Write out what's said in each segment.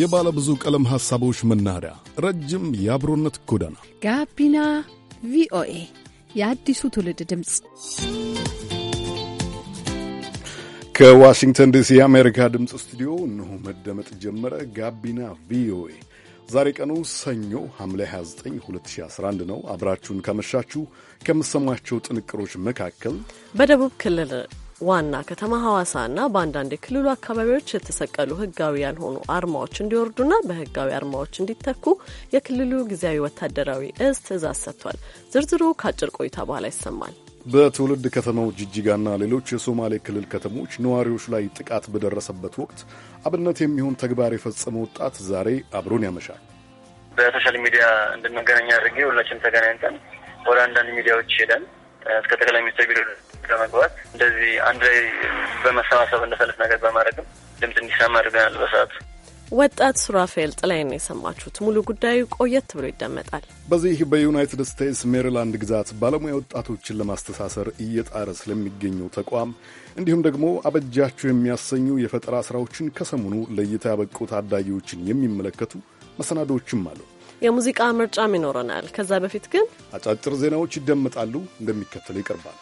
የባለ ብዙ ቀለም ሐሳቦች መናኸሪያ፣ ረጅም የአብሮነት ጎዳና ጋቢና ቪኦኤ የአዲሱ ትውልድ ድምፅ ከዋሽንግተን ዲሲ የአሜሪካ ድምፅ ስቱዲዮ እነሆ መደመጥ ጀመረ። ጋቢና ቪኦኤ ዛሬ ቀኑ ሰኞ ሐምሌ 29 2011 ነው። አብራችሁን ከመሻችሁ ከምሰማቸው ጥንቅሮች መካከል በደቡብ ክልል ዋና ከተማ ሐዋሳና በአንዳንድ የክልሉ አካባቢዎች የተሰቀሉ ህጋዊ ያልሆኑ አርማዎች እንዲወርዱና በህጋዊ አርማዎች እንዲተኩ የክልሉ ጊዜያዊ ወታደራዊ እዝ ትዕዛዝ ሰጥቷል። ዝርዝሩ ከአጭር ቆይታ በኋላ ይሰማል። በትውልድ ከተማው ጅጅጋና ሌሎች የሶማሌ ክልል ከተሞች ነዋሪዎች ላይ ጥቃት በደረሰበት ወቅት አብነት የሚሆን ተግባር የፈጸመ ወጣት ዛሬ አብሮን ያመሻል። በሶሻል ሚዲያ እንድንገናኝ አድርጌ ሁላችን ተገናኝተን ወደ አንዳንድ ሚዲያዎች ሄደን እስከ ጠቅላይ ሚኒስትር ቢሮ ለመግባት እንደዚህ አንድ ላይ በመሰባሰብ እንደፈለት ነገር በማድረግም ድምፅ እንዲሰማ አድርገናል። በሰዓቱ ወጣት ሱራፌል ጥላይን የሰማችሁት ሙሉ ጉዳዩ ቆየት ብሎ ይደመጣል። በዚህ በዩናይትድ ስቴትስ ሜሪላንድ ግዛት ባለሙያ ወጣቶችን ለማስተሳሰር እየጣረ ስለሚገኘው ተቋም እንዲሁም ደግሞ አበጃችሁ የሚያሰኙ የፈጠራ ስራዎችን ከሰሞኑ ለእይታ ያበቁ ታዳጊዎችን የሚመለከቱ መሰናዶዎችም አሉ። የሙዚቃ ምርጫም ይኖረናል። ከዛ በፊት ግን አጫጭር ዜናዎች ይደመጣሉ፣ እንደሚከተለው ይቀርባል።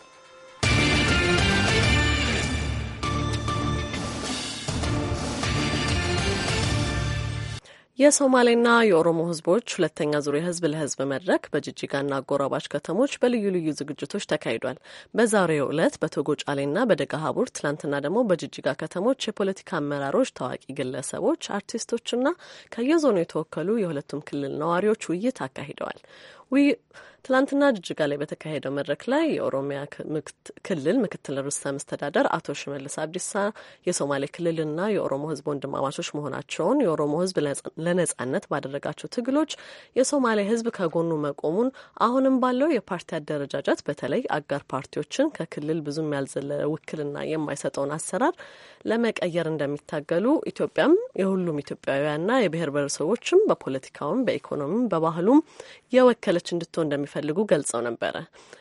የሶማሌና የኦሮሞ ህዝቦች ሁለተኛ ዙር የህዝብ ለህዝብ መድረክ በጅጅጋና አጎራባች ከተሞች በልዩ ልዩ ዝግጅቶች ተካሂዷል። በዛሬው ዕለት በቶጎ ጫሌና በደጋ ሀቡር፣ ትላንትና ደግሞ በጅጅጋ ከተሞች የፖለቲካ አመራሮች፣ ታዋቂ ግለሰቦች፣ አርቲስቶችና ከየዞኑ የተወከሉ የሁለቱም ክልል ነዋሪዎች ውይይት አካሂደዋል። ትላንትና ጅጅጋ ላይ በተካሄደው መድረክ ላይ የኦሮሚያ ክልል ምክትል ርዕሰ መስተዳደር አቶ ሽመልስ አብዲሳ የሶማሌ ክልልና የኦሮሞ ህዝብ ወንድማማቾች መሆናቸውን፣ የኦሮሞ ህዝብ ለነጻነት ባደረጋቸው ትግሎች የሶማሌ ህዝብ ከጎኑ መቆሙን፣ አሁንም ባለው የፓርቲ አደረጃጀት በተለይ አጋር ፓርቲዎችን ከክልል ብዙም ያልዘለለ ውክልና የማይሰጠውን አሰራር ለመቀየር እንደሚታገሉ ኢትዮጵያም የሁሉም ኢትዮጵያውያንና የብሔር ብሔረሰቦችም በፖለቲካውም በኢኮኖሚም በባህሉም የወከለች እንድትሆን እንደሚፈ እንደሚፈልጉ ገልጸው ነበረ።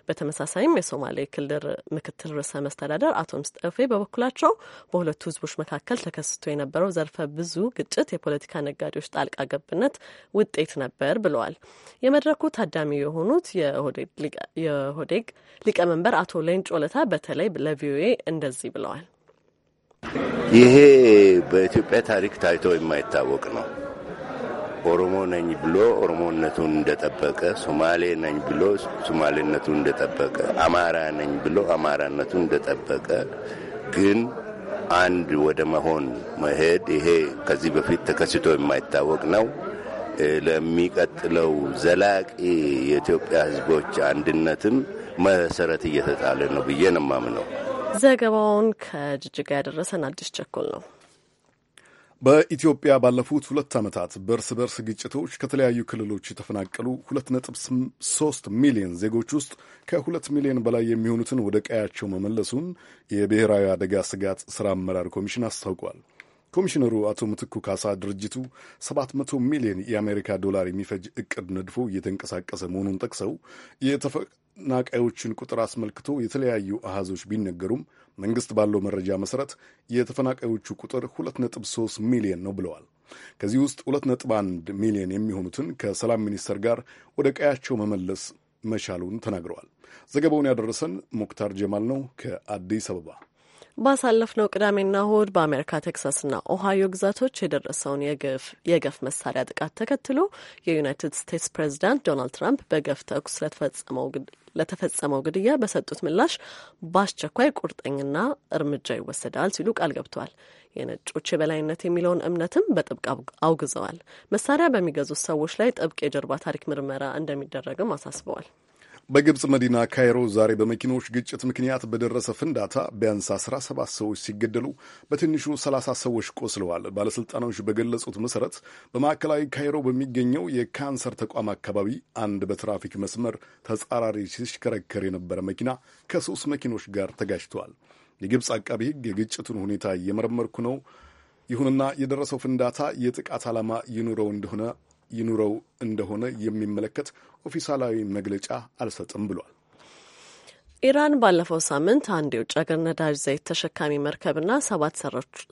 በተመሳሳይም የሶማሌ ክልል ምክትል ርዕሰ መስተዳደር አቶ ምስጠፌ በበኩላቸው በሁለቱ ህዝቦች መካከል ተከስቶ የነበረው ዘርፈ ብዙ ግጭት የፖለቲካ ነጋዴዎች ጣልቃ ገብነት ውጤት ነበር ብለዋል። የመድረኩ ታዳሚ የሆኑት የኦህዴግ ሊቀመንበር አቶ ሌንጮ ለታ በተለይ ለቪኦኤ እንደዚህ ብለዋል። ይሄ በኢትዮጵያ ታሪክ ታይቶ የማይታወቅ ነው። ኦሮሞ ነኝ ብሎ ኦሮሞነቱን እንደጠበቀ፣ ሶማሌ ነኝ ብሎ ሶማሌነቱን እንደጠበቀ፣ አማራ ነኝ ብሎ አማራነቱን እንደጠበቀ ግን አንድ ወደ መሆን መሄድ ይሄ ከዚህ በፊት ተከስቶ የማይታወቅ ነው። ለሚቀጥለው ዘላቂ የኢትዮጵያ ሕዝቦች አንድነትም መሰረት እየተጣለ ነው ብዬ ነው የማምነው። ዘገባውን ከጅጅጋ ያደረሰን አዲስ ቸኮል ነው። በኢትዮጵያ ባለፉት ሁለት ዓመታት በእርስ በርስ ግጭቶች ከተለያዩ ክልሎች የተፈናቀሉ 2.3 ሚሊዮን ዜጎች ውስጥ ከ2 ሚሊዮን በላይ የሚሆኑትን ወደ ቀያቸው መመለሱን የብሔራዊ አደጋ ስጋት ሥራ አመራር ኮሚሽን አስታውቋል። ኮሚሽነሩ አቶ ምትኩ ካሳ ድርጅቱ 700 ሚሊዮን የአሜሪካ ዶላር የሚፈጅ እቅድ ነድፎ እየተንቀሳቀሰ መሆኑን ጠቅሰው የተፈናቃዮችን ቁጥር አስመልክቶ የተለያዩ አሃዞች ቢነገሩም መንግስት ባለው መረጃ መሰረት የተፈናቃዮቹ ቁጥር 2.3 ሚሊዮን ነው ብለዋል። ከዚህ ውስጥ 2.1 ሚሊዮን የሚሆኑትን ከሰላም ሚኒስቴር ጋር ወደ ቀያቸው መመለስ መቻሉን ተናግረዋል። ዘገባውን ያደረሰን ሙክታር ጀማል ነው ከአዲስ አበባ። ባሳለፍነው ቅዳሜና እሁድ በአሜሪካ ቴክሳስና ኦሃዮ ግዛቶች የደረሰውን የገፍ መሳሪያ ጥቃት ተከትሎ የዩናይትድ ስቴትስ ፕሬዚዳንት ዶናልድ ትራምፕ በገፍ ተኩስ ለተፈጸመው ግድያ በሰጡት ምላሽ በአስቸኳይ ቁርጠኝና እርምጃ ይወሰዳል ሲሉ ቃል ገብተዋል። የነጮች የበላይነት የሚለውን እምነትም በጥብቅ አውግዘዋል። መሳሪያ በሚገዙት ሰዎች ላይ ጥብቅ የጀርባ ታሪክ ምርመራ እንደሚደረግም አሳስበዋል። በግብፅ መዲና ካይሮ ዛሬ በመኪኖች ግጭት ምክንያት በደረሰ ፍንዳታ ቢያንስ 17 ሰዎች ሲገደሉ በትንሹ 30 ሰዎች ቆስለዋል። ባለሥልጣኖች በገለጹት መሠረት በማዕከላዊ ካይሮ በሚገኘው የካንሰር ተቋም አካባቢ አንድ በትራፊክ መስመር ተጻራሪ ሲሽከረከር የነበረ መኪና ከሦስት መኪኖች ጋር ተጋጅተዋል። የግብፅ አቃቢ ሕግ የግጭቱን ሁኔታ እየመረመርኩ ነው፣ ይሁንና የደረሰው ፍንዳታ የጥቃት ዓላማ ይኑረው እንደሆነ ይኑረው እንደሆነ የሚመለከት ኦፊሳላዊ መግለጫ አልሰጥም ብሏል። ኢራን ባለፈው ሳምንት አንድ የውጭ ሀገር ነዳጅ ዘይት ተሸካሚ መርከብና ሰባት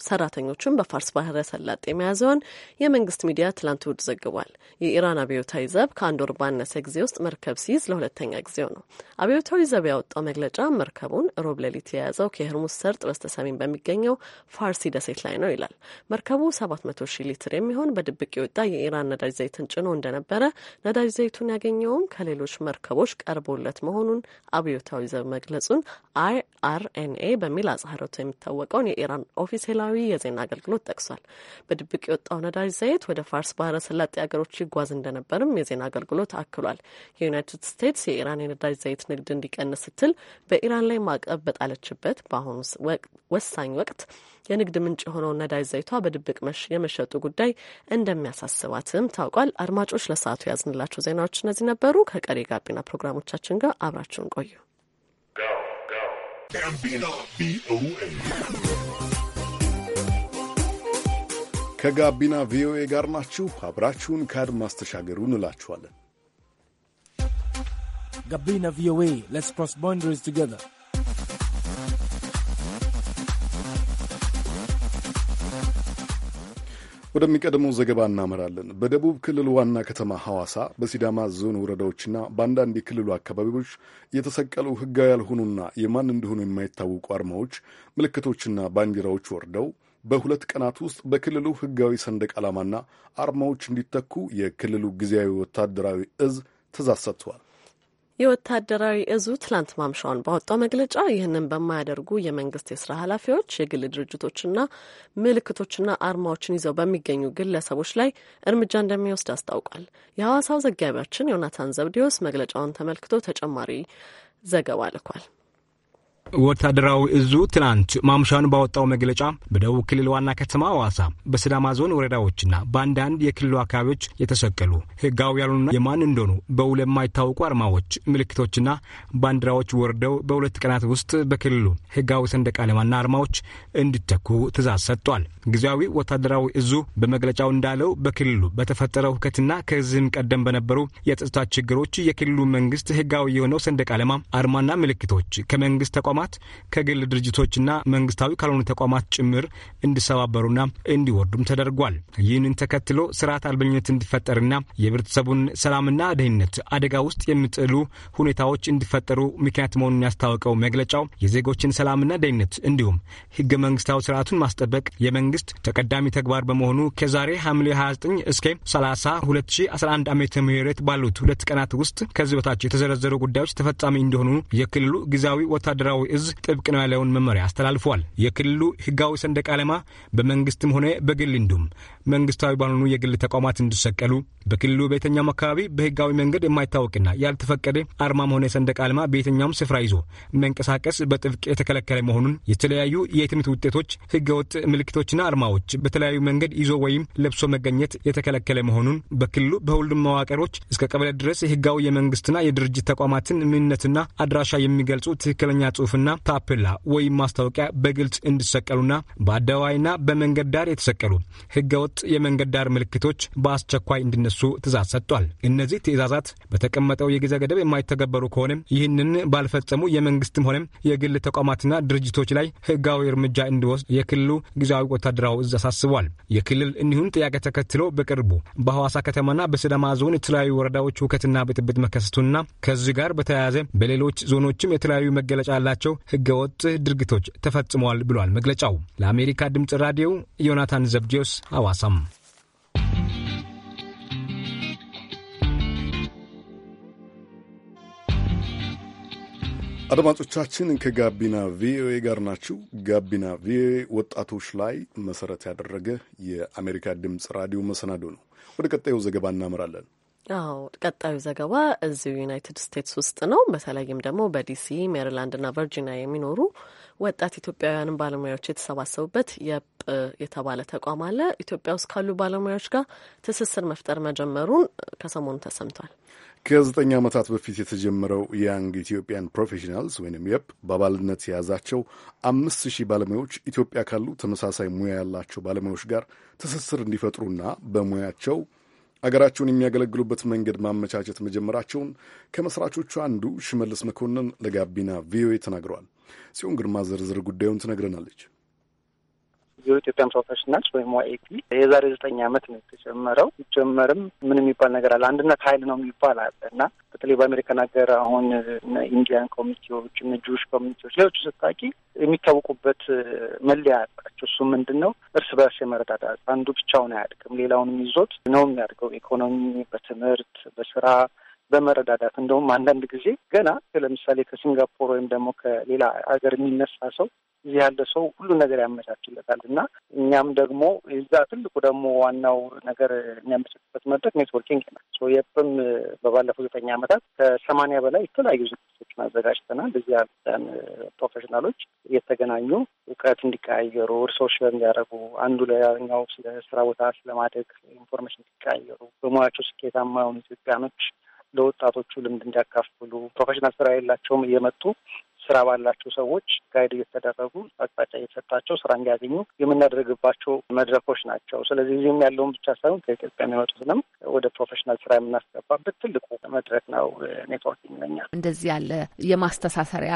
ሰራተኞቹን በፋርስ ባህረ ሰላጤ የመያዘውን የመንግስት ሚዲያ ትላንት እሁድ ዘግቧል። የኢራን አብዮታዊ ዘብ ከአንድ ወር ባነሰ ጊዜ ውስጥ መርከብ ሲይዝ ለሁለተኛ ጊዜው ነው። አብዮታዊ ዘብ ያወጣው መግለጫ መርከቡን ሮብ ሌሊት የያዘው ከሆርሙዝ ሰርጥ በስተሰሜን በሚገኘው ፋርሲ ደሴት ላይ ነው ይላል። መርከቡ ሰባት መቶ ሺህ ሊትር የሚሆን በድብቅ የወጣ የኢራን ነዳጅ ዘይትን ጭኖ እንደነበረ፣ ነዳጅ ዘይቱን ያገኘውም ከሌሎች መርከቦች ቀርቦለት መሆኑን አብዮታዊ ዘብ መግለጹን አይአርኤንኤ በሚል አጽህሮት የሚታወቀውን የኢራን ኦፊሴላዊ የዜና አገልግሎት ጠቅሷል። በድብቅ የወጣው ነዳጅ ዘይት ወደ ፋርስ ባህረ ሰላጤ ሀገሮች ይጓዝ እንደነበርም የዜና አገልግሎት አክሏል። የዩናይትድ ስቴትስ የኢራን የነዳጅ ዘይት ንግድ እንዲቀንስ ስትል በኢራን ላይ ማዕቀብ በጣለችበት በአሁኑ ወሳኝ ወቅት የንግድ ምንጭ የሆነውን ነዳጅ ዘይቷ በድብቅ የመሸጡ ጉዳይ እንደሚያሳስባትም ታውቋል። አድማጮች ለሰዓቱ ያዝንላቸው ዜናዎች እነዚህ ነበሩ። ከቀሪ ጋቢና ፕሮግራሞቻችን ጋር አብራችሁን ቆዩ። ጋቢና ቪኦኤ ከጋቢና ቪኦኤ ጋር ናችሁ። አብራችሁን ከአድማስ ተሻገሩ እንላችኋለን። ጋቢና ቪኦኤ ሌትስ ክሮስ ቦንደሪስ ቱጌዘር ወደሚቀድመው ዘገባ እናመራለን። በደቡብ ክልል ዋና ከተማ ሐዋሳ በሲዳማ ዞን ወረዳዎችና በአንዳንድ የክልሉ አካባቢዎች የተሰቀሉ ሕጋዊ ያልሆኑና የማን እንደሆኑ የማይታወቁ አርማዎች፣ ምልክቶችና ባንዲራዎች ወርደው በሁለት ቀናት ውስጥ በክልሉ ሕጋዊ ሰንደቅ ዓላማና አርማዎች እንዲተኩ የክልሉ ጊዜያዊ ወታደራዊ እዝ ትእዛዝ ሰጥተዋል። የወታደራዊ እዙ ትላንት ማምሻውን ባወጣው መግለጫ ይህንን በማያደርጉ የመንግስት የስራ ኃላፊዎች፣ የግል ድርጅቶችና ምልክቶችና አርማዎችን ይዘው በሚገኙ ግለሰቦች ላይ እርምጃ እንደሚወስድ አስታውቋል። የሐዋሳው ዘጋቢያችን ዮናታን ዘብዴዎስ መግለጫውን ተመልክቶ ተጨማሪ ዘገባ ልኳል። ወታደራዊ እዙ ትናንት ማምሻውን ባወጣው መግለጫ በደቡብ ክልል ዋና ከተማ ሐዋሳ በሲዳማ ዞን ወረዳዎችና በአንዳንድ የክልሉ አካባቢዎች የተሰቀሉ ህጋዊ ያሉና የማን እንደሆኑ በውል የማይታወቁ አርማዎች፣ ምልክቶችና ባንዲራዎች ወርደው በሁለት ቀናት ውስጥ በክልሉ ህጋዊ ሰንደቅ ዓላማና አርማዎች እንዲተኩ ትእዛዝ ሰጥቷል። ጊዜያዊ ወታደራዊ እዙ በመግለጫው እንዳለው በክልሉ በተፈጠረው ሁከትና ከዚህም ቀደም በነበሩ የጸጥታ ችግሮች የክልሉ መንግስት ህጋዊ የሆነው ሰንደቅ ዓላማ አርማና ምልክቶች ከመንግስት ተቋማት ከግል ድርጅቶችና መንግስታዊ ካልሆኑ ተቋማት ጭምር እንዲሰባበሩና እንዲወርዱም ተደርጓል። ይህንን ተከትሎ ስርዓት አልበኝነት እንዲፈጠርና የህብረተሰቡን ሰላምና ደህንነት አደጋ ውስጥ የሚጥሉ ሁኔታዎች እንዲፈጠሩ ምክንያት መሆኑን ያስታወቀው መግለጫው የዜጎችን ሰላምና ደህንነት እንዲሁም ህገ መንግስታዊ ስርዓቱን ማስጠበቅ የመንግስት መንግስት ተቀዳሚ ተግባር በመሆኑ ከዛሬ ሐምሌ 29 እስከ 30 2011 ዓ ም ባሉት ሁለት ቀናት ውስጥ ከዚህ በታች የተዘረዘሩ ጉዳዮች ተፈጻሚ እንደሆኑ የክልሉ ጊዜያዊ ወታደራዊ እዝ ጥብቅ ነው ያለውን መመሪያ አስተላልፏል። የክልሉ ህጋዊ ሰንደቅ ዓላማ በመንግስትም ሆነ በግል እንዲሁም መንግስታዊ ባልሆኑ የግል ተቋማት እንዲሰቀሉ፣ በክልሉ በየትኛውም አካባቢ በህጋዊ መንገድ የማይታወቅና ያልተፈቀደ አርማም ሆነ ሰንደቅ ዓላማ በየትኛውም ስፍራ ይዞ መንቀሳቀስ በጥብቅ የተከለከለ መሆኑን የተለያዩ የትምህርት ውጤቶች ህገወጥ ምልክቶችና አርማዎች በተለያዩ መንገድ ይዞ ወይም ለብሶ መገኘት የተከለከለ መሆኑን በክልሉ በሁሉም መዋቅሮች እስከ ቀበሌ ድረስ የህጋዊ የመንግስትና የድርጅት ተቋማትን ምንነትና አድራሻ የሚገልጹ ትክክለኛ ጽሁፍና ታፔላ ወይም ማስታወቂያ በግልጽ እንዲሰቀሉና በአደባባይና በመንገድ ዳር የተሰቀሉ ህገወጥ የመንገድ ዳር ምልክቶች በአስቸኳይ እንዲነሱ ትእዛዝ ሰጥቷል። እነዚህ ትእዛዛት በተቀመጠው የጊዜ ገደብ የማይተገበሩ ከሆነም ይህንን ባልፈጸሙ የመንግስትም ሆነም የግል ተቋማትና ድርጅቶች ላይ ህጋዊ እርምጃ እንዲወስድ የክልሉ ጊዜያዊ ወታደራዊ እዝ አሳስቧል። የክልል እኒሁን ጥያቄ ተከትሎ በቅርቡ በሐዋሳ ከተማና በሲዳማ ዞን የተለያዩ ወረዳዎች ውከትና ብጥብጥ መከሰቱና ከዚህ ጋር በተያያዘ በሌሎች ዞኖችም የተለያዩ መገለጫ ያላቸው ህገወጥ ድርጊቶች ተፈጽመዋል ብሏል መግለጫው። ለአሜሪካ ድምፅ ራዲዮ ዮናታን ዘብዲዮስ ሐዋሳም አድማጮቻችን ከጋቢና ቪኦኤ ጋር ናችሁ። ጋቢና ቪኦኤ ወጣቶች ላይ መሰረት ያደረገ የአሜሪካ ድምፅ ራዲዮ መሰናዶ ነው። ወደ ቀጣዩ ዘገባ እናመራለን። አዎ ቀጣዩ ዘገባ እዚሁ ዩናይትድ ስቴትስ ውስጥ ነው። በተለይም ደግሞ በዲሲ ሜሪላንድና ቨርጂኒያ የሚኖሩ ወጣት ኢትዮጵያውያንን ባለሙያዎች የተሰባሰቡበት የፕ የተባለ ተቋም አለ። ኢትዮጵያ ውስጥ ካሉ ባለሙያዎች ጋር ትስስር መፍጠር መጀመሩን ከሰሞኑ ተሰምቷል። ከዘጠኝ ዓመታት በፊት የተጀመረው ያንግ ኢትዮጵያን ፕሮፌሽናልስ ወይም የፕ በአባልነት የያዛቸው አምስት ሺህ ባለሙያዎች ኢትዮጵያ ካሉ ተመሳሳይ ሙያ ያላቸው ባለሙያዎች ጋር ትስስር እንዲፈጥሩና በሙያቸው አገራቸውን የሚያገለግሉበት መንገድ ማመቻቸት መጀመራቸውን ከመስራቾቹ አንዱ ሽመልስ መኮንን ለጋቢና ቪኦኤ ተናግረዋል። ሲሆን ግርማ ዝርዝር ጉዳዩን ትነግረናለች። የኢትዮጵያን ፕሮፌሽናልስ ወይም ዋኤፒ የዛሬ ዘጠኝ ዓመት ነው የተጀመረው። ጀመርም ምን የሚባል ነገር አለ አንድነት ኃይል ነው የሚባል አለ እና በተለይ በአሜሪካን ሀገር አሁን ኢንዲያን ኮሚኒቲዎች፣ ጁሽ ኮሚኒቲዎች፣ ሌሎቹ ስታቂ የሚታወቁበት መለያ ያላቸው እሱ ምንድን ነው? እርስ በርስ የመረዳዳት አንዱ ብቻውን አያድግም፣ ሌላውንም ይዞት ነው የሚያድገው። ኢኮኖሚ፣ በትምህርት፣ በስራ በመረዳዳት እንደውም አንዳንድ ጊዜ ገና ለምሳሌ ከሲንጋፖር ወይም ደግሞ ከሌላ ሀገር የሚነሳ ሰው እዚህ ያለ ሰው ሁሉ ነገር ያመቻችለታል እና እኛም ደግሞ እዛ ትልቁ ደግሞ ዋናው ነገር የሚያመቻችበት መድረክ ኔትወርኪንግ ነው። የፕም በባለፈው ዘጠኝ ዓመታት ከሰማንያ በላይ የተለያዩ ዝግጅቶችን አዘጋጅተናል። እዚህ ያለን ፕሮፌሽናሎች እየተገናኙ እውቀት እንዲቀያየሩ፣ እርሶች ስለሚያደረጉ አንዱ ለኛው ስለ ስራ ቦታ ስለማደግ ኢንፎርሜሽን እንዲቀያየሩ፣ በሙያቸው ስኬታማ የሆኑ ኢትዮጵያኖች ለወጣቶቹ ልምድ እንዲያካፍሉ ፕሮፌሽናል ስራ የላቸውም እየመጡ ስራ ባላቸው ሰዎች ጋይድ እየተደረጉ አቅጣጫ እየተሰጣቸው ስራ እንዲያገኙ የምናደርግባቸው መድረኮች ናቸው። ስለዚህ እዚህም ያለውን ብቻ ሳይሆን ከኢትዮጵያ የሚመጡትንም ወደ ፕሮፌሽናል ስራ የምናስገባበት ትልቁ መድረክ ነው ኔትወርክ ይለኛል። እንደዚህ ያለ የማስተሳሰሪያ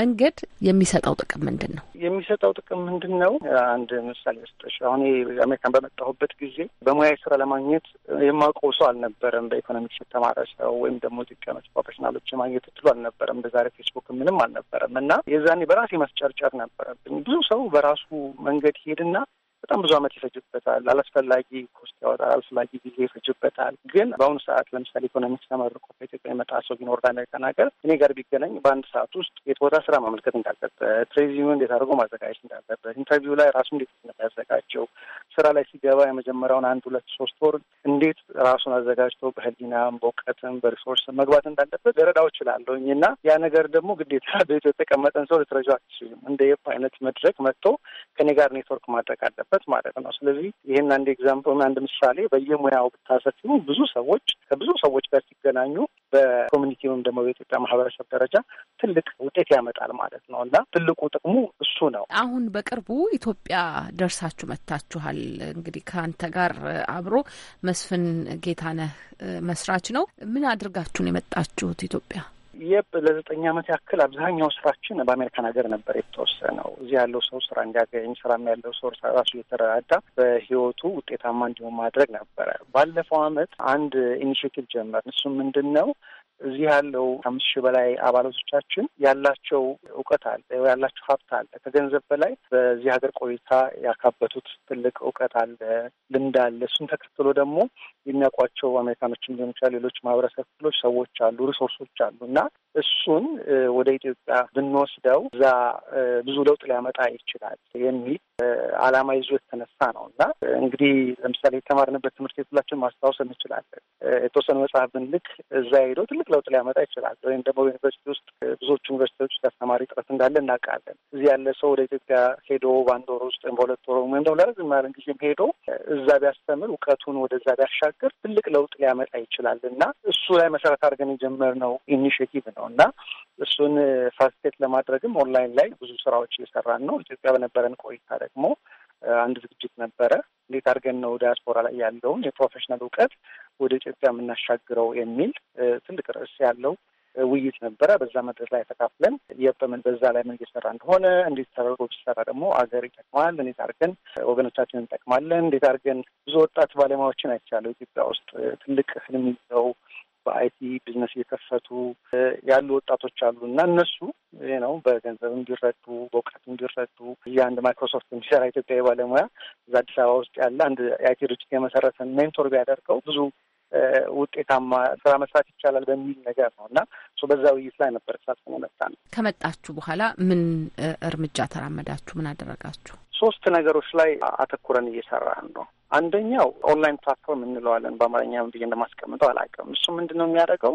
መንገድ የሚሰጠው ጥቅም ምንድን ነው? የሚሰጠው ጥቅም ምንድን ነው? አንድ ምሳሌ ስጠሽ። አሁን አሜሪካን በመጣሁበት ጊዜ በሙያዊ ስራ ለማግኘት የማውቀው ሰው አልነበረም። በኢኮኖሚክስ የተማረ ሰው ወይም ደግሞ ኢትዮጵያኖች ፕሮፌሽናሎች የማግኘት እድሉ አልነበረም። በዛሬ ፌስቡክ ምንም አልነበረም። አልነበረም እና የዛኔ በራሴ መስጨርጨር ነበረብኝ። ብዙ ሰው በራሱ መንገድ ሄድና በጣም ብዙ ዓመት ይፈጅበታል። አላስፈላጊ ኮስት ያወጣል። አላስፈላጊ ጊዜ ይፈጅበታል። ግን በአሁኑ ሰዓት ለምሳሌ ኢኮኖሚክስ ተመርቆ ከኢትዮጵያ የመጣ ሰው ቢኖር ከናገር እኔ ጋር ቢገናኝ በአንድ ሰዓት ውስጥ የት ቦታ ስራ ማመልከት እንዳለበት፣ ሬዚሙ እንዴት አድርጎ ማዘጋጀት እንዳለበት፣ ኢንተርቪው ላይ ራሱ እንዴት እንደሚያዘጋጀው፣ ስራ ላይ ሲገባ የመጀመሪያውን አንድ ሁለት ሶስት ወር እንዴት ራሱን አዘጋጅቶ በህሊናም በእውቀትም በሪሶርስ መግባት እንዳለበት ልረዳው እችላለሁኝ እና ያ ነገር ደግሞ ግዴታ በኢትዮጵያ የተቀመጠን ሰው ልትረጂው አትችልም። እንደ የፕ አይነት መድረክ መጥቶ ከኔ ጋር ኔትወርክ ማድረግ አለበት ያለበት ማለት ነው። ስለዚህ ይህን አንድ ኤግዛምፕል፣ አንድ ምሳሌ በየሙያው ብታሰፊው ብዙ ሰዎች ከብዙ ሰዎች ጋር ሲገናኙ በኮሚኒቲ ወይም ደግሞ በኢትዮጵያ ማህበረሰብ ደረጃ ትልቅ ውጤት ያመጣል ማለት ነው እና ትልቁ ጥቅሙ እሱ ነው። አሁን በቅርቡ ኢትዮጵያ ደርሳችሁ መጥታችኋል። እንግዲህ ከአንተ ጋር አብሮ መስፍን ጌታነህ መስራች ነው። ምን አድርጋችሁ ነው የመጣችሁት ኢትዮጵያ? የብ ለዘጠኝ ዓመት ያክል አብዛኛው ስራችን በአሜሪካን ሀገር ነበር የተወሰነው። እዚህ ያለው ሰው ስራ እንዲያገኝ ስራም ያለው ሰው ራሱ እየተረዳዳ በህይወቱ ውጤታማ እንዲሆን ማድረግ ነበረ። ባለፈው አመት አንድ ኢኒሽቲቭ ጀመር። እሱ ምንድን ነው እዚህ ያለው አምስት ሺህ በላይ አባላቶቻችን ያላቸው እውቀት አለ፣ ያላቸው ሀብት አለ። ከገንዘብ በላይ በዚህ ሀገር ቆይታ ያካበቱት ትልቅ እውቀት አለ፣ ልምድ አለ። እሱን ተከትሎ ደግሞ የሚያውቋቸው አሜሪካኖችም ሊሆን ይችላል፣ ሌሎች ማህበረሰብ ክፍሎች ሰዎች አሉ፣ ሪሶርሶች አሉ እና እሱን ወደ ኢትዮጵያ ብንወስደው እዛ ብዙ ለውጥ ሊያመጣ ይችላል የሚል አላማ ይዞ የተነሳ ነው እና እንግዲህ ለምሳሌ የተማርንበት ትምህርት ቤት ሁላችን ማስታወስ እንችላለን። የተወሰኑ መጽሐፍ ብንልክ እዛ ሄዶ ትልቅ ለውጥ ሊያመጣ ይችላል። ወይም ደግሞ ዩኒቨርሲቲ ውስጥ ብዙዎቹ ዩኒቨርሲቲዎች ተስተማሪ ጥረት እንዳለ እናውቃለን። እዚህ ያለ ሰው ወደ ኢትዮጵያ ሄዶ በአንድ ወር ውስጥ ወይም በሁለት ወር ወይም ደግሞ ለረዝም ያለ ጊዜም ሄዶ እዛ ቢያስተምር እውቀቱን ወደዛ ቢያሻገር ትልቅ ለውጥ ሊያመጣ ይችላል እና እሱ ላይ መሰረት አድርገን የጀመርነው ኢኒሽቲቭ ነው። ነው እና እሱን ፋሲሊቴት ለማድረግም ኦንላይን ላይ ብዙ ስራዎች እየሰራን ነው። ኢትዮጵያ በነበረን ቆይታ ደግሞ አንድ ዝግጅት ነበረ። እንዴት አድርገን ነው ዲያስፖራ ላይ ያለውን የፕሮፌሽናል እውቀት ወደ ኢትዮጵያ የምናሻግረው የሚል ትልቅ ርዕስ ያለው ውይይት ነበረ። በዛ መድረክ ላይ ተካፍለን የበምን በዛ ላይ ምን እየሰራ እንደሆነ እንዴት ተደርጎ ሲሰራ ደግሞ አገር ይጠቅማል፣ እንዴት አድርገን ወገኖቻችን እንጠቅማለን፣ እንዴት አድርገን ብዙ ወጣት ባለሙያዎችን አይቻለሁ ኢትዮጵያ ውስጥ ትልቅ ህልም ይዘው በአይቲ ቢዝነስ እየከፈቱ ያሉ ወጣቶች አሉ እና እነሱ ነው በገንዘብ እንዲረዱ በእውቀት እንዲረዱ አንድ ማይክሮሶፍት የሚሰራ ኢትዮጵያዊ ባለሙያ እዛ አዲስ አበባ ውስጥ ያለ አንድ የአይቲ ድርጅት የመሰረተ ሜንቶር ቢያደርገው ብዙ ውጤታማ ስራ መስራት ይቻላል በሚል ነገር ነው እና እሱ በዛ ውይይት ላይ ነበር ተሳትፈን መጣ ነው። ከመጣችሁ በኋላ ምን እርምጃ ተራመዳችሁ? ምን አደረጋችሁ? ሶስት ነገሮች ላይ አተኩረን እየሰራን ነው። አንደኛው ኦንላይን ፕላትፎርም እንለዋለን በአማርኛ ብዬ እንደማስቀምጠው አላውቅም። እሱ ምንድን ነው የሚያደርገው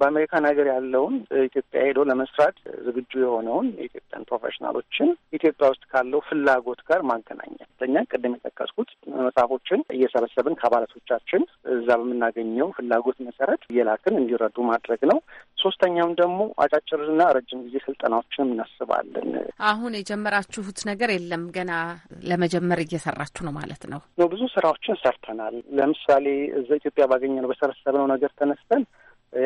በአሜሪካን ሀገር ያለውን ኢትዮጵያ ሄዶ ለመስራት ዝግጁ የሆነውን የኢትዮጵያን ፕሮፌሽናሎችን ኢትዮጵያ ውስጥ ካለው ፍላጎት ጋር ማገናኘት ተኛ ቅድም የጠቀስኩት መጽሐፎችን እየሰበሰብን ከአባላቶቻችን እዛ በምናገኘው ፍላጎት መሰረት እየላክን እንዲረዱ ማድረግ ነው። ሶስተኛውም ደግሞ አጫጭርና ረጅም ጊዜ ስልጠናዎችንም እናስባለን። አሁን የጀመራችሁት ነገር የለም ገና ለመጀመር እየሰራችሁ ነው ማለት ነው? ነው ብዙ ስራዎችን ሰርተናል። ለምሳሌ እዛ ኢትዮጵያ ባገኘነው በሰበሰብነው ነገር ተነስተን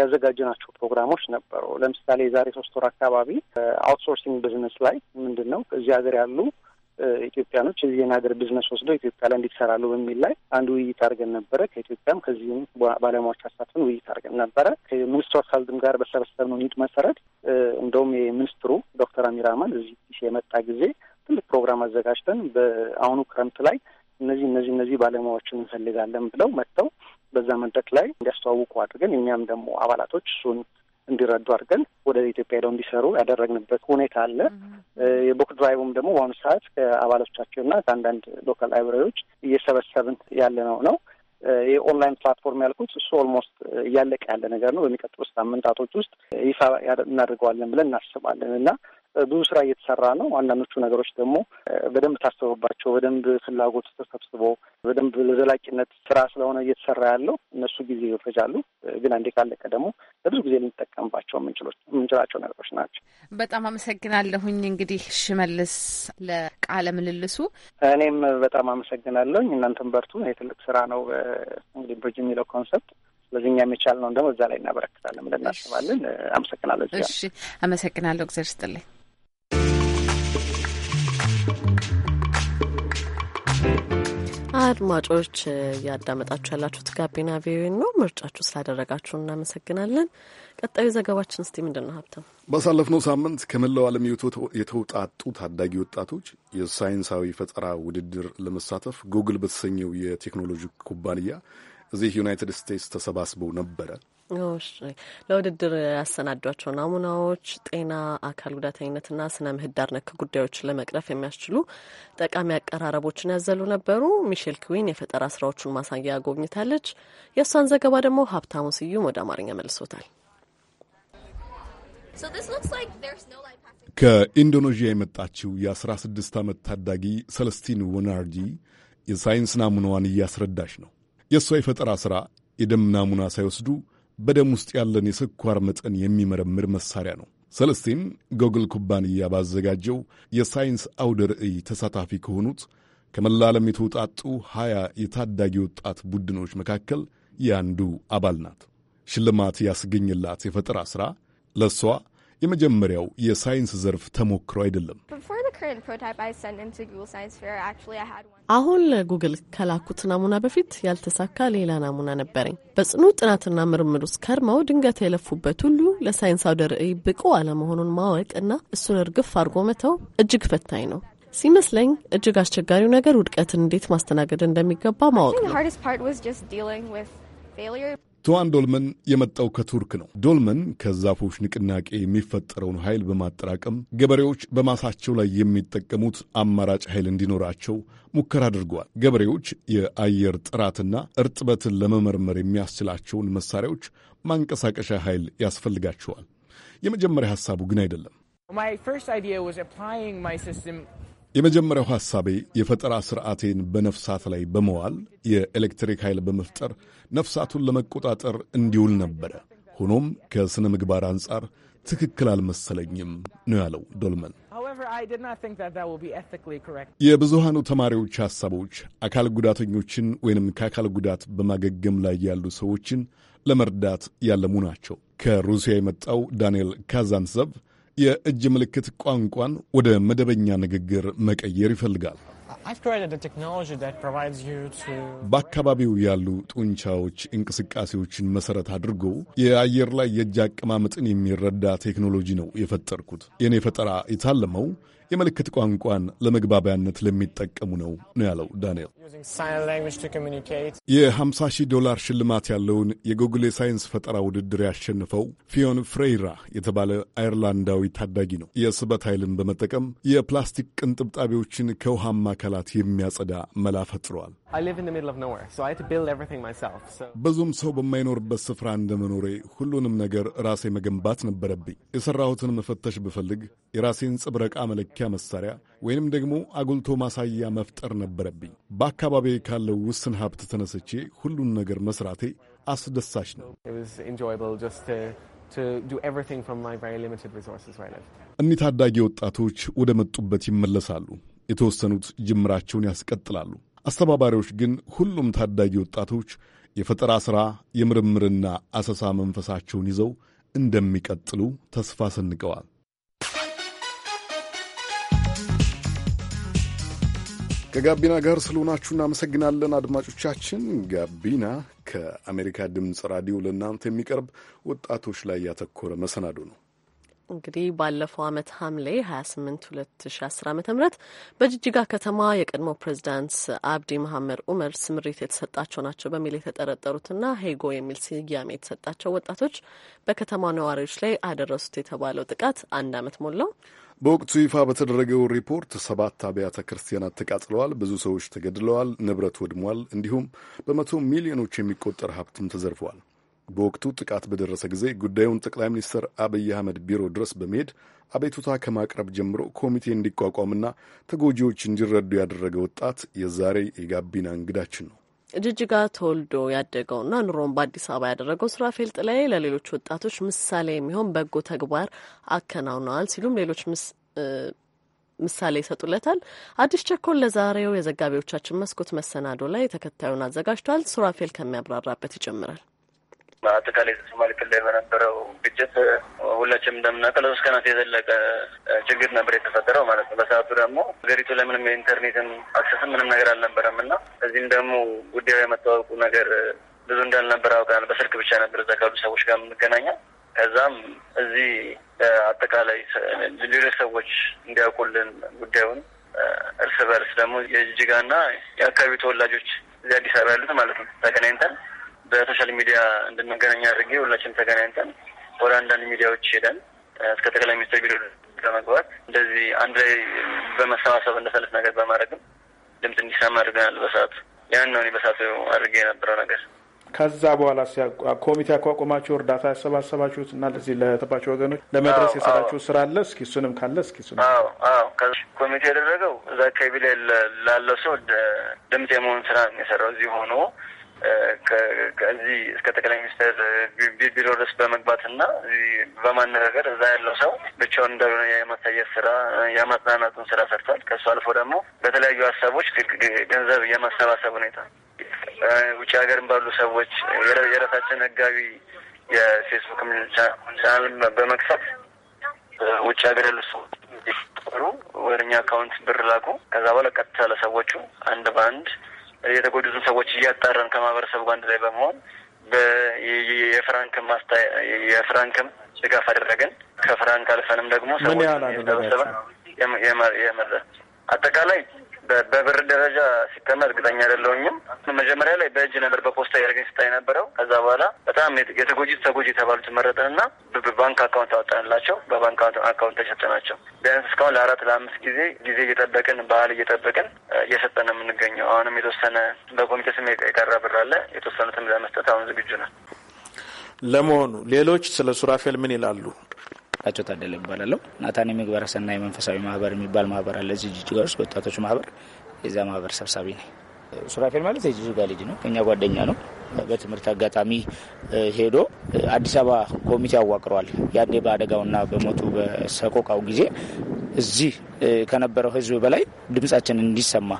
ያዘጋጀናቸው ፕሮግራሞች ነበሩ። ለምሳሌ የዛሬ ሶስት ወር አካባቢ አውትሶርሲንግ ብዝነስ ላይ ምንድን ነው እዚህ ሀገር ያሉ ኢትዮጵያኖች እዚህን ሀገር ብዝነስ ወስደው ኢትዮጵያ ላይ እንዲሰራሉ በሚል ላይ አንድ ውይይት አድርገን ነበረ። ከኢትዮጵያም ከዚህም ባለሙያዎች አሳትፈን ውይይት አድርገን ነበረ። ከሚኒስትሩ አፍ ሄልዝም ጋር በሰበሰብነው ኒድ መሰረት እንደውም የሚኒስትሩ ዶክተር አሚር አማን እዚህ የመጣ ጊዜ ትልቅ ፕሮግራም አዘጋጅተን በአሁኑ ክረምት ላይ እነዚህ እነዚህ እነዚህ ባለሙያዎችን እንፈልጋለን ብለው መጥተው በዛ መድረክ ላይ እንዲያስተዋውቁ አድርገን እኛም ደግሞ አባላቶች እሱን እንዲረዱ አድርገን ወደ ኢትዮጵያ ሄደው እንዲሰሩ ያደረግንበት ሁኔታ አለ። የቡክ ድራይቭም ደግሞ በአሁኑ ሰዓት ከአባሎቻቸውና ከአንዳንድ ሎካል ላይብራሪዎች እየሰበሰብን ያለ ነው ነው የኦንላይን ፕላትፎርም ያልኩት እሱ ኦልሞስት እያለቀ ያለ ነገር ነው። በሚቀጥሉ ሳምንታቶች ውስጥ ይፋ እናደርገዋለን ብለን እናስባለን እና ብዙ ስራ እየተሰራ ነው። አንዳንዶቹ ነገሮች ደግሞ በደንብ ታስበባቸው በደንብ ፍላጎት ተሰብስቦ በደንብ ለዘላቂነት ስራ ስለሆነ እየተሰራ ያለው እነሱ ጊዜ ይፈጃሉ። ግን አንዴ ካለቀ ደግሞ ለብዙ ጊዜ ልንጠቀምባቸው የምንችላቸው ነገሮች ናቸው። በጣም አመሰግናለሁኝ። እንግዲህ ሽመልስ ለቃለ ምልልሱ እኔም በጣም አመሰግናለሁኝ። እናንተም በርቱ። ይሄ ትልቅ ስራ ነው። እንግዲህ ብርጅ የሚለው ኮንሰፕት ስለዚህ የሚቻል ነው ደግሞ እዛ ላይ እናበረክታለን ብለን እናስባለን። አመሰግናለሁ። እሺ፣ አመሰግናለሁ። እግዚአብሔር ይስጥልኝ። አድማጮች እያዳመጣችሁ ያላችሁት ጋቢና ቪኦኤ ነው። ምርጫችሁ ስላደረጋችሁ እናመሰግናለን። ቀጣዩ ዘገባችን እስቲ ምንድን ነው ሀብተም? ባሳለፍነው ሳምንት ከመላው ዓለም የተውጣጡ ታዳጊ ወጣቶች የሳይንሳዊ ፈጠራ ውድድር ለመሳተፍ ጉግል በተሰኘው የቴክኖሎጂ ኩባንያ እዚህ ዩናይትድ ስቴትስ ተሰባስበው ነበረ። ለውድድር ያሰናዷቸው ናሙናዎች ጤና፣ አካል ጉዳተኝነትና ስነ ምህዳር ነክ ጉዳዮችን ለመቅረፍ የሚያስችሉ ጠቃሚ አቀራረቦችን ያዘሉ ነበሩ። ሚሼል ክዊን የፈጠራ ስራዎቹን ማሳያ ጎብኝታለች። የእሷን ዘገባ ደግሞ ሀብታሙ ስዩም ወደ አማርኛ መልሶታል። ከኢንዶኔዥያ የመጣችው የ16 ዓመት ታዳጊ ሰለስቲን ወናርጂ የሳይንስ ናሙናዋን እያስረዳች ነው። የእሷ የፈጠራ ስራ የደም ናሙና ሳይወስዱ በደም ውስጥ ያለን የስኳር መጠን የሚመረምር መሳሪያ ነው። ሰለስቴን ጎግል ኩባንያ ባዘጋጀው የሳይንስ አውደ ርዕይ ተሳታፊ ከሆኑት ከመላ ዓለም የተውጣጡ ሀያ የታዳጊ ወጣት ቡድኖች መካከል የአንዱ አባል ናት። ሽልማት ያስገኝላት የፈጠራ ሥራ ለእሷ የመጀመሪያው የሳይንስ ዘርፍ ተሞክሮ አይደለም። አሁን ለጉግል ከላኩት ናሙና በፊት ያልተሳካ ሌላ ናሙና ነበረኝ። በጽኑ ጥናትና ምርምር ውስጥ ከርመው ድንገት የለፉበት ሁሉ ለሳይንስ አውደ ርዕይ ብቁ አለመሆኑን ማወቅ እና እሱን እርግፍ አድርጎ መተው እጅግ ፈታኝ ነው ሲመስለኝ። እጅግ አስቸጋሪው ነገር ውድቀትን እንዴት ማስተናገድ እንደሚገባ ማወቅ ነው። ትዋን ዶልመን የመጣው ከቱርክ ነው። ዶልመን ከዛፎች ንቅናቄ የሚፈጠረውን ኃይል በማጠራቀም ገበሬዎች በማሳቸው ላይ የሚጠቀሙት አማራጭ ኃይል እንዲኖራቸው ሙከራ አድርገዋል። ገበሬዎች የአየር ጥራትና እርጥበትን ለመመርመር የሚያስችላቸውን መሳሪያዎች ማንቀሳቀሻ ኃይል ያስፈልጋቸዋል። የመጀመሪያ ሐሳቡ ግን አይደለም። የመጀመሪያው ሐሳቤ የፈጠራ ሥርዓቴን በነፍሳት ላይ በመዋል የኤሌክትሪክ ኃይል በመፍጠር ነፍሳቱን ለመቆጣጠር እንዲውል ነበረ። ሆኖም ከሥነ ምግባር አንጻር ትክክል አልመሰለኝም ነው ያለው ዶልመን። የብዙሃኑ ተማሪዎች ሐሳቦች አካል ጉዳተኞችን ወይንም ከአካል ጉዳት በማገገም ላይ ያሉ ሰዎችን ለመርዳት ያለሙ ናቸው። ከሩሲያ የመጣው ዳንኤል ካዛንትዘቭ የእጅ ምልክት ቋንቋን ወደ መደበኛ ንግግር መቀየር ይፈልጋል። በአካባቢው ያሉ ጡንቻዎች እንቅስቃሴዎችን መሰረት አድርጎ የአየር ላይ የእጅ አቀማመጥን የሚረዳ ቴክኖሎጂ ነው የፈጠርኩት። የኔ ፈጠራ የታለመው የምልክት ቋንቋን ለመግባቢያነት ለሚጠቀሙ ነው ነው ያለው ዳንኤል። የ50 ሺህ ዶላር ሽልማት ያለውን የጉግል የሳይንስ ፈጠራ ውድድር ያሸንፈው ፊዮን ፍሬይራ የተባለ አይርላንዳዊ ታዳጊ ነው። የስበት ኃይልን በመጠቀም የፕላስቲክ ቅንጥብጣቢዎችን ከውሃማ አካላት የሚያጸዳ መላ ፈጥሯል። ብዙም ሰው በማይኖርበት ስፍራ እንደመኖሬ ሁሉንም ነገር ራሴ መገንባት ነበረብኝ። የሠራሁትን መፈተሽ ብፈልግ የራሴን ጽብረቃ መለኪያ መለኪያ መሳሪያ ወይንም ደግሞ አጉልቶ ማሳያ መፍጠር ነበረብኝ። በአካባቢ ካለው ውስን ሀብት ተነስቼ ሁሉን ነገር መስራቴ አስደሳች ነው። እኒህ ታዳጊ ወጣቶች ወደ መጡበት ይመለሳሉ። የተወሰኑት ጅምራቸውን ያስቀጥላሉ። አስተባባሪዎች ግን ሁሉም ታዳጊ ወጣቶች የፈጠራ ሥራ፣ የምርምርና አሰሳ መንፈሳቸውን ይዘው እንደሚቀጥሉ ተስፋ ሰንቀዋል። ከጋቢና ጋር ስለሆናችሁ እናመሰግናለን አድማጮቻችን። ጋቢና ከአሜሪካ ድምፅ ራዲዮ ለእናንተ የሚቀርብ ወጣቶች ላይ ያተኮረ መሰናዶ ነው። እንግዲህ ባለፈው ዓመት ሐምሌ 28 2010 ዓ ም በጅጅጋ ከተማ የቀድሞ ፕሬዚዳንት አብዲ መሐመድ ኡመር ስምሪት የተሰጣቸው ናቸው በሚል የተጠረጠሩትና ሄጎ የሚል ስያሜ የተሰጣቸው ወጣቶች በከተማ ነዋሪዎች ላይ አደረሱት የተባለው ጥቃት አንድ አመት ሞላው። በወቅቱ ይፋ በተደረገው ሪፖርት ሰባት አብያተ ክርስቲያናት ተቃጥለዋል፣ ብዙ ሰዎች ተገድለዋል፣ ንብረት ወድሟል፣ እንዲሁም በመቶ ሚሊዮኖች የሚቆጠር ሀብትም ተዘርፈዋል። በወቅቱ ጥቃት በደረሰ ጊዜ ጉዳዩን ጠቅላይ ሚኒስትር አብይ አህመድ ቢሮ ድረስ በመሄድ አቤቱታ ከማቅረብ ጀምሮ ኮሚቴ እንዲቋቋምና ተጎጂዎች እንዲረዱ ያደረገ ወጣት የዛሬ የጋቢና እንግዳችን ነው። ጅጅጋ ተወልዶ ያደገውና ኑሮን በአዲስ አበባ ያደረገው ሱራፌል ጥላዬ ለሌሎች ወጣቶች ምሳሌ የሚሆን በጎ ተግባር አከናውነዋል ሲሉም ሌሎች ምሳሌ ይሰጡለታል። አዲስ ቸኮል ለዛሬው የዘጋቢዎቻችን መስኮት መሰናዶ ላይ ተከታዩን አዘጋጅቷል። ሱራፌል ከሚያብራራበት ይጀምራል። በአጠቃላይ ሶማሌ ክልል በነበረው ግጭት ሁላችንም እንደምናውቀው ለሶስት ቀናት የዘለቀ ችግር ነበር የተፈጠረው ማለት ነው። በሰዓቱ ደግሞ ሀገሪቱ ላይ ምንም የኢንተርኔትን አክሰስም ምንም ነገር አልነበረም እና እዚህም ደግሞ ጉዳዩ የመታወቁ ነገር ብዙ እንዳልነበር አውቀናል። በስልክ ብቻ ነበር እዛ ካሉ ሰዎች ጋር የምንገናኛል። ከዛም እዚህ አጠቃላይ ሌሎች ሰዎች እንዲያውቁልን ጉዳዩን እርስ በርስ ደግሞ የጅጅጋና የአካባቢው ተወላጆች እዚህ አዲስ አበባ ያሉት ማለት ነው ተገናኝተን በሶሻል ሚዲያ እንድንገናኝ አድርጌ ሁላችን ተገናኝተን ወደ አንዳንድ ሚዲያዎች ሄደን እስከ ጠቅላይ ሚኒስትር ቢሮ በመግባት እንደዚህ አንድ ላይ በመሰባሰብ እንደፈለት ነገር በማድረግም ድምፅ እንዲሰማ አድርገናል። በሰዓቱ ያን ነው እኔ በሰዓቱ አድርጌ የነበረው ነገር። ከዛ በኋላ ኮሚቴ አቋቁማችሁ እርዳታ ያሰባሰባችሁት እና ለዚህ ለተባቸው ወገኖች ለመድረስ የሰራችሁ ስራ አለ። እስኪ እሱንም ካለ እስኪ እሱ ኮሚቴ ያደረገው እዛ አካባቢ ላይ ላለው ሰው ድምፅ የመሆን ስራ የሰራው እዚህ ሆኖ ከዚህ እስከ ጠቅላይ ሚኒስትር ቢሮ ድረስ በመግባትና በማነጋገር እዛ ያለው ሰው ብቻውን እንደሆነ የማሳየት ስራ የማጽናናቱን ስራ ሰርቷል። ከሱ አልፎ ደግሞ በተለያዩ ሀሳቦች ገንዘብ የማሰባሰብ ሁኔታ ውጭ ሀገርን ባሉ ሰዎች የራሳችን ህጋዊ የፌስቡክ ቻናል በመክፈት ውጭ ሀገር ያሉ ሰዎች ወደ ወደኛ አካውንት ብር ላኩ። ከዛ በኋላ ቀጥታ ለሰዎቹ አንድ በአንድ የተጎዱትን ሰዎች እያጣራን ከማህበረሰቡ ጋር አንድ ላይ በመሆን የፍራንክም የፍራንክም ድጋፍ አደረግን። ከፍራንክ አልፈንም ደግሞ ሰዎች ሰበሰበን የመረ አጠቃላይ በብር ደረጃ ሲተመ እርግጠኛ አይደለሁኝም። መጀመሪያ ላይ በእጅ ነበር በፖስታ ያደረገኝ ስታይ ነበረው። ከዛ በኋላ በጣም የተጎጂ ተጎጂ የተባሉት መረጠንና በባንክ አካውንት አወጣንላቸው። በባንክ አካውንት ተሸጠናቸው። ቢያንስ እስካሁን ለአራት ለአምስት ጊዜ ጊዜ እየጠበቅን ባህል እየጠበቅን እየሰጠን የምንገኘው አሁንም የተወሰነ በኮሚቴ ስም የቀረ ብር አለ። የተወሰኑትም ለመስጠት አሁን ዝግጁ ነው ለመሆኑ ሌሎች ስለ ሱራፌል ምን ይላሉ? ጌታቸው ታደለ ይባላለሁ። ናታን የምግባረ ሰናይ መንፈሳዊ ማህበር የሚባል ማህበር አለ እዚህ ጅጅጋ ውስጥ ወጣቶች ማህበር፣ የዚያ ማህበር ሰብሳቢ ነኝ። ሱራፌል ማለት የጅጅጋ ልጅ ነው፣ እኛ ጓደኛ ነው። በትምህርት አጋጣሚ ሄዶ አዲስ አበባ ኮሚቴ አዋቅሯል። ያኔ በአደጋውና በሞቱ በሰቆቃው ጊዜ እዚህ ከነበረው ህዝብ በላይ ድምጻችን እንዲሰማ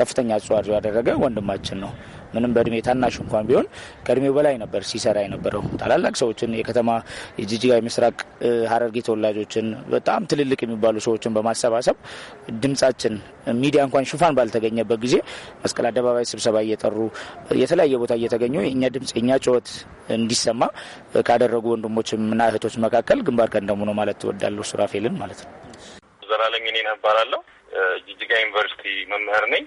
ከፍተኛ አስተዋጽኦ ያደረገ ወንድማችን ነው። ምንም በእድሜ ታናሽ እንኳን ቢሆን ከእድሜው በላይ ነበር ሲሰራ የነበረው። ታላላቅ ሰዎችን የከተማ የጂጂጋ የምስራቅ ሀረርጌ ተወላጆችን በጣም ትልልቅ የሚባሉ ሰዎችን በማሰባሰብ ድምጻችን ሚዲያ እንኳን ሽፋን ባልተገኘበት ጊዜ መስቀል አደባባይ ስብሰባ እየጠሩ የተለያየ ቦታ እየተገኙ የእኛ ድምጽ የእኛ ጩኸት እንዲሰማ ካደረጉ ወንድሞችና እህቶች መካከል ግንባር ቀደሙ ነው ማለት ትወዳለሁ። ሱራፌልን ማለት ነው። ዘላለኝ እኔ እባላለሁ። ጂጂጋ ዩኒቨርሲቲ መምህር ነኝ።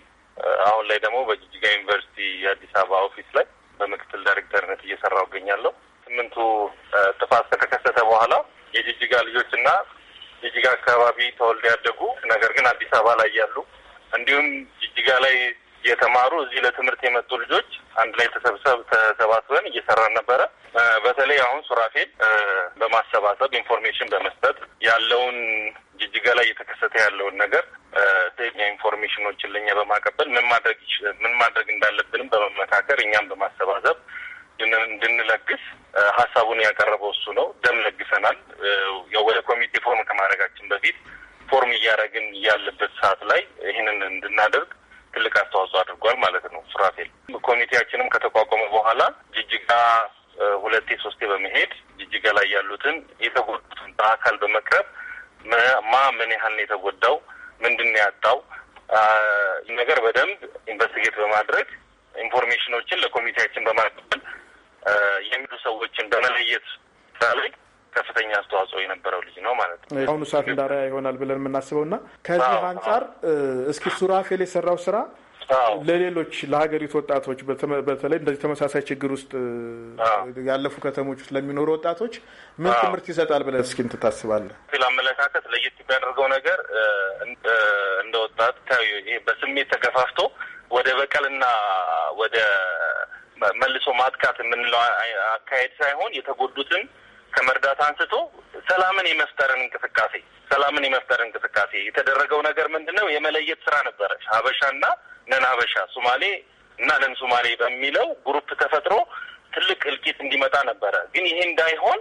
አሁን ላይ ደግሞ በጅጅጋ ዩኒቨርሲቲ የአዲስ አበባ ኦፊስ ላይ በምክትል ዳይሬክተርነት እየሰራው እገኛለሁ። ስምንቱ ጥፋት ከተከሰተ በኋላ የጅጅጋ ልጆች ጅጅጋ አካባቢ ተወልደ ያደጉ ነገር ግን አዲስ አበባ ላይ ያሉ እንዲሁም ጅጅጋ ላይ የተማሩ እዚህ ለትምህርት የመጡ ልጆች አንድ ላይ ተሰብሰብ ተሰባስበን እየሰራን ነበረ። በተለይ አሁን ሱራፌል በማሰባሰብ ኢንፎርሜሽን በመስጠት ያለውን ጅጅጋ ላይ እየተከሰተ ያለውን ነገር ትኛ ኢንፎርሜሽኖችን ለእኛ በማቀበል ምን ማድረግ ምን ማድረግ እንዳለብንም በመመካከር እኛም በማሰባሰብ እንድንለግስ ሀሳቡን ያቀረበው እሱ ነው። ደም ለግሰናል። ወደ ኮሚቴ ፎርም ከማድረጋችን በፊት ፎርም እያደረግን ያለበት ሰዓት ላይ ይህንን እንድናደርግ ትልቅ አስተዋጽኦ አድርጓል ማለት ነው። ሱራፌል ኮሚቴያችንም ከተቋቋመ በኋላ ጅጅጋ ሁለቴ ሶስቴ በመሄድ ጅጅጋ ላይ ያሉትን የተጎዱትን በአካል በመቅረብ ማ ምን ያህል ነው የተጎዳው፣ ምንድን ነው ያጣው ነገር በደንብ ኢንቨስቲጌት በማድረግ ኢንፎርሜሽኖችን ለኮሚቴያችን በማቀበል የሚሉ ሰዎችን በመለየት ስራ ላይ ከፍተኛ አስተዋጽኦ የነበረው ልጅ ነው ማለት ነው። አሁኑ ሰዓት እንዳሪያ ይሆናል ብለን የምናስበው እና ከዚህ አንጻር እስኪ ሱራፌል የሰራው ስራ ለሌሎች ለሀገሪቱ ወጣቶች በተለይ እንደዚህ ተመሳሳይ ችግር ውስጥ ያለፉ ከተሞች ውስጥ ለሚኖሩ ወጣቶች ምን ትምህርት ይሰጣል ብለህ እስኪ እንትን ታስባለህ? ፊል አመለካከት ለየት የሚያደርገው ነገር እንደ ወጣት በስሜት ተገፋፍቶ ወደ በቀልና ወደ መልሶ ማጥቃት የምንለው አካሄድ ሳይሆን የተጎዱትን ከመርዳት አንስቶ ሰላምን የመፍጠርን እንቅስቃሴ ሰላምን የመፍጠር እንቅስቃሴ የተደረገው ነገር ምንድን ነው? የመለየት ስራ ነበረ። ሀበሻና ነን ሀበሻ፣ ሱማሌ እና ነን ሱማሌ በሚለው ግሩፕ ተፈጥሮ ትልቅ እልቂት እንዲመጣ ነበረ። ግን ይሄ እንዳይሆን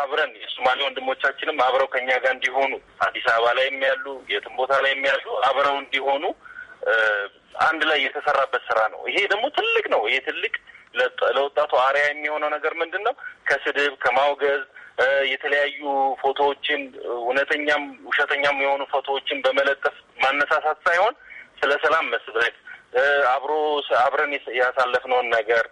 አብረን የሱማሌ ወንድሞቻችንም አብረው ከኛ ጋር እንዲሆኑ አዲስ አበባ ላይም ያሉ የትም ቦታ ላይም ያሉ አብረው እንዲሆኑ አንድ ላይ የተሰራበት ስራ ነው። ይሄ ደግሞ ትልቅ ነው። ይሄ ትልቅ ለወጣቱ አሪያ የሚሆነው ነገር ምንድን ነው? ከስድብ ከማውገዝ የተለያዩ ፎቶዎችን እውነተኛም ውሸተኛም የሆኑ ፎቶዎችን በመለጠፍ ማነሳሳት ሳይሆን ስለ ሰላም መስበክ አብሮ አብረን ያሳለፍነውን ነገር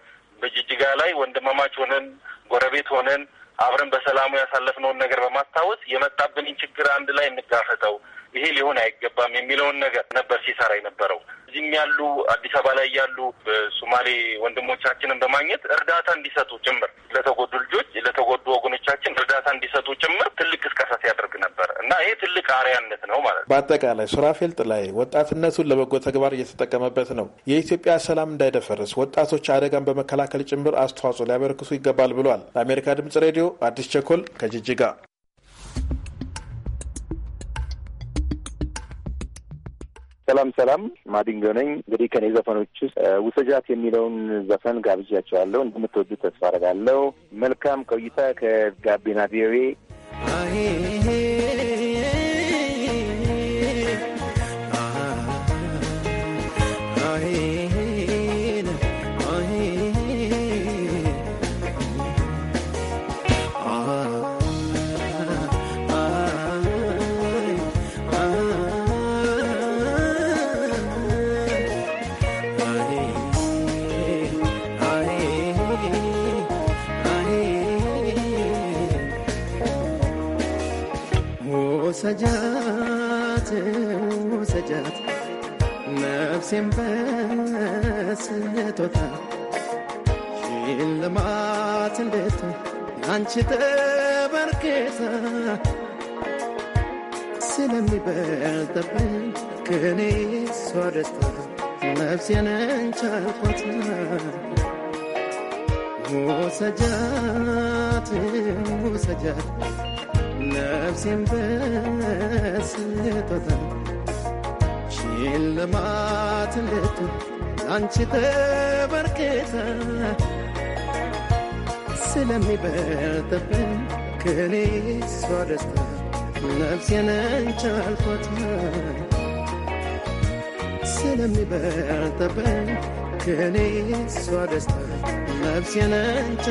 በጅጅጋ ላይ ወንድማማች ሆነን ጎረቤት ሆነን አብረን በሰላሙ ያሳለፍነውን ነገር በማስታወስ የመጣብንን ችግር አንድ ላይ እንጋፈጠው ይሄ ሊሆን አይገባም የሚለውን ነገር ነበር ሲሰራ የነበረው። እዚህም ያሉ አዲስ አበባ ላይ ያሉ በሶማሌ ወንድሞቻችንን በማግኘት እርዳታ እንዲሰጡ ጭምር ለተጎዱ ልጆች ለተጎዱ ወገኖቻችን እርዳታ እንዲሰጡ ጭምር ትልቅ ቅስቀሳ ሲያደርግ ነበር እና ይሄ ትልቅ አርያነት ነው ማለት ነው። በአጠቃላይ ሱራፌልጥ ላይ ወጣትነቱን ለበጎ ተግባር እየተጠቀመበት ነው። የኢትዮጵያ ሰላም እንዳይደፈርስ ወጣቶች አደጋን በመከላከል ጭምር አስተዋጽኦ ሊያበረክቱ ይገባል ብሏል። ለአሜሪካ ድምጽ ሬዲዮ አዲስ ቸኮል ከጅጅጋ ሰላም ሰላም፣ ማዲንጎ ነኝ። እንግዲህ ከኔ ዘፈኖች ውስጥ ውሰጃት የሚለውን ዘፈን ጋብዣቸዋለሁ። እንደምትወዱ ተስፋ አደርጋለሁ። መልካም ቆይታ ከጋቢና ቪኦኤ። ነፍሴን በስጦታ ሽልማት ልትሆን አንቺ ተበርክታ ስለሚበርጥብን ከሌሷ ደስታ ነፍሴን አንቺ አልፏታል ስለሚበርጥብን ከሌሷ ደስታ ነፍሴን አንቺ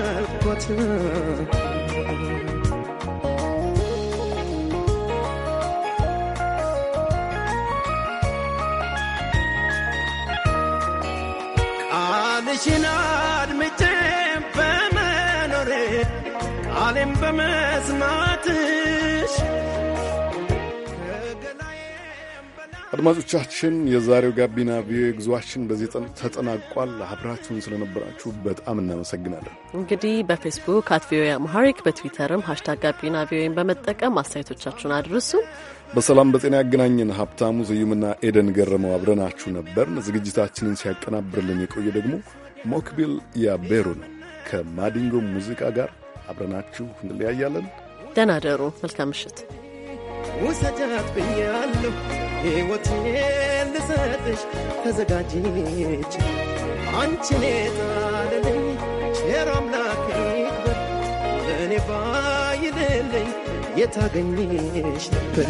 በመስማትሽ አድማጮቻችን፣ የዛሬው ጋቢና ቪኦኤ ጉዟችን በዚህ ተጠናቋል። አብራችሁን ስለነበራችሁ በጣም እናመሰግናለን። እንግዲህ በፌስቡክ አት ቪኦኤ አምሃሪክ በትዊተርም ሀሽታግ ጋቢና ቪኦኤን በመጠቀም አስተያየቶቻችሁን አድርሱ። በሰላም በጤና ያገናኘን። ሀብታሙ ስዩምና ኤደን ገረመው አብረናችሁ ነበር። ዝግጅታችንን ሲያቀናብርልን የቆየ ደግሞ ሞክቢል ያቤሩ ነው። ከማዲንጎ ሙዚቃ ጋር አብረናችሁ እንለያያለን። ደህና ደሩ። መልካም ምሽት። ውሰጃት ብያለሁ ሕይወቴን ልሰጥሽ ተዘጋጅች አንቺን የጣለልኝ ቸር አምላክ ይክበር እኔ ባይልልኝ የታገኝሽ ነበር